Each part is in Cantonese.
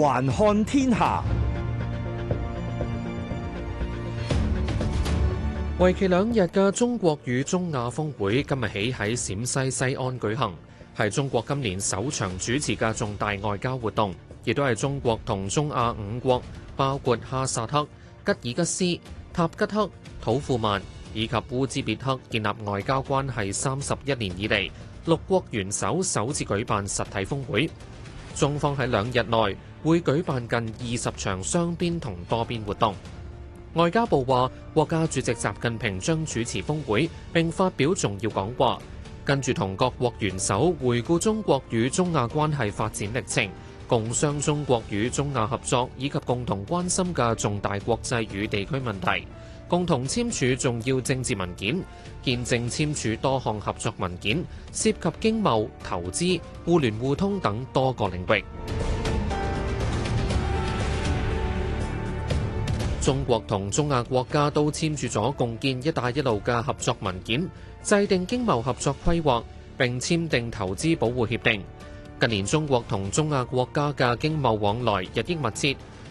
環看天下，為期兩日嘅中國與中亞峰會今日起喺陝西西安舉行，係中國今年首場主持嘅重大外交活動，亦都係中國同中亞五國，包括哈薩克、吉爾吉斯、塔吉克、土庫曼以及烏茲別克建立外交關係三十一年以嚟，六國元首首次舉辦實體峰會。中方喺兩日內會舉辦近二十場雙邊同多邊活動。外交部話，國家主席習近平將主持峰會並發表重要講話，跟住同各國元首回顧中國與中亞關係發展歷程，共商中國與中亞合作以及共同關心嘅重大國際與地區問題。共同簽署重要政治文件，見證簽署多項合作文件，涉及經貿、投資、互聯互通等多個領域。 中國同中亞國家都簽署咗共建「一帶一路」嘅合作文件，制定經貿合作規劃，並簽訂投資保護協定。近年中國同中亞國家嘅經貿往來日益密切。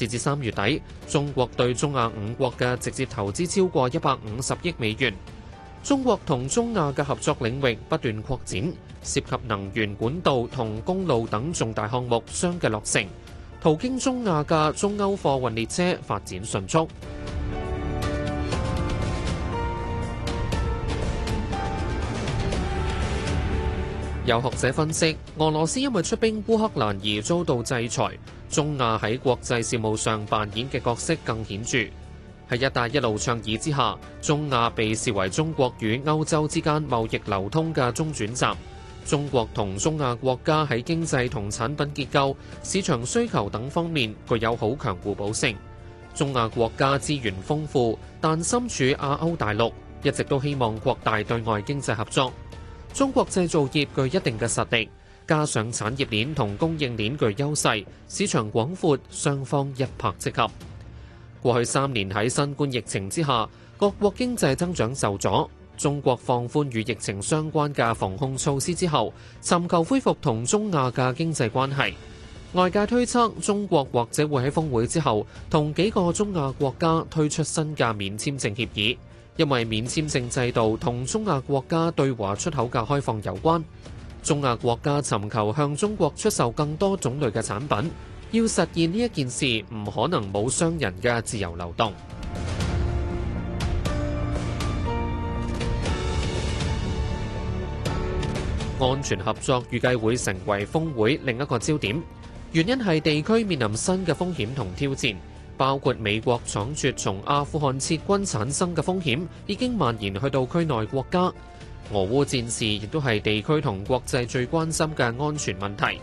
截至三月底，中國對中亞五國嘅直接投資超過一百五十億美元。中國同中亞嘅合作領域不斷擴展，涉及能源管道同公路等重大項目相繼落成。途經中亞嘅中歐貨運列車發展迅速。有學者分析，俄羅斯因為出兵烏克蘭而遭到制裁，中亞喺國際事務上扮演嘅角色更顯著。喺“一帶一路”倡議之下，中亞被視為中國與歐洲之間貿易流通嘅中轉站。中國同中亞國家喺經濟同產品結構、市場需求等方面具有好強互補性。中亞國家資源豐富，但身處亞歐大陸，一直都希望擴大對外經濟合作。中國製造業具一定嘅實力，加上產業鏈同供應鏈具優勢，市場廣闊，雙方一拍即合。過去三年喺新冠疫情之下，各國經濟增長受阻。中國放寬與疫情相關嘅防控措施之後，尋求恢復同中亞嘅經濟關係。外界推測，中國或者會喺峰會之後同幾個中亞國家推出新嘅免簽證協議。因為免簽證制度同中亞國家對華出口嘅開放有關，中亞國家尋求向中國出售更多種類嘅產品，要實現呢一件事，唔可能冇商人嘅自由流動。安全合作預計會成為峰會另一個焦點，原因係地區面臨新嘅風險同挑戰。包括美國倉卒從阿富汗撤軍產生嘅風險，已經蔓延去到區內國家。俄烏戰事亦都係地區同國際最關心嘅安全問題。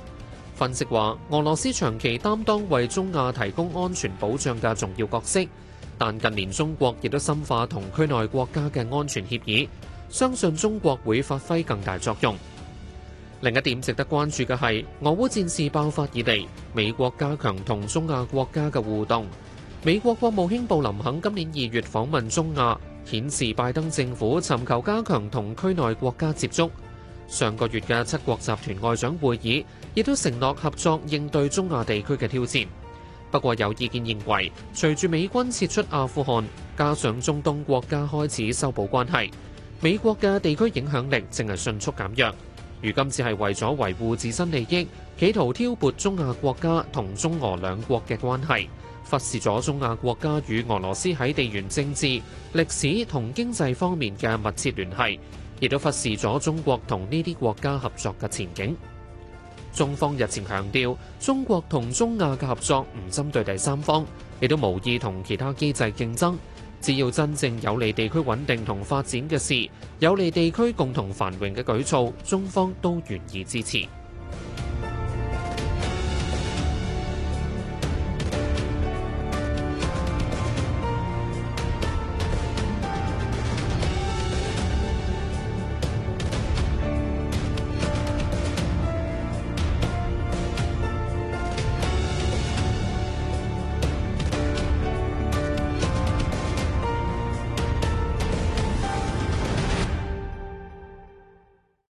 分析話，俄羅斯長期擔當為中亞提供安全保障嘅重要角色，但近年中國亦都深化同區內國家嘅安全協議，相信中國會發揮更大作用。另一點值得關注嘅係，俄烏戰事爆發以嚟，美國加強同中亞國家嘅互動。美國國務卿布林肯今年二月訪問中亞，顯示拜登政府尋求加強同區內國家接觸。上個月嘅七國集團外長會議亦都承諾合作應對中亞地區嘅挑戰。不過，有意見認為，隨住美軍撤出阿富汗，加上中東國家開始修補關係，美國嘅地區影響力正係迅速減弱。如今只係為咗維護自身利益，企圖挑撥中亞國家同中俄兩國嘅關係，忽視咗中亞國家與俄羅斯喺地緣政治、歷史同經濟方面嘅密切聯繫，亦都忽視咗中國同呢啲國家合作嘅前景。中方日前強調，中國同中亞嘅合作唔針對第三方，亦都無意同其他機制競爭。只要真正有利地區穩定同發展嘅事，有利地區共同繁榮嘅舉措，中方都願意支持。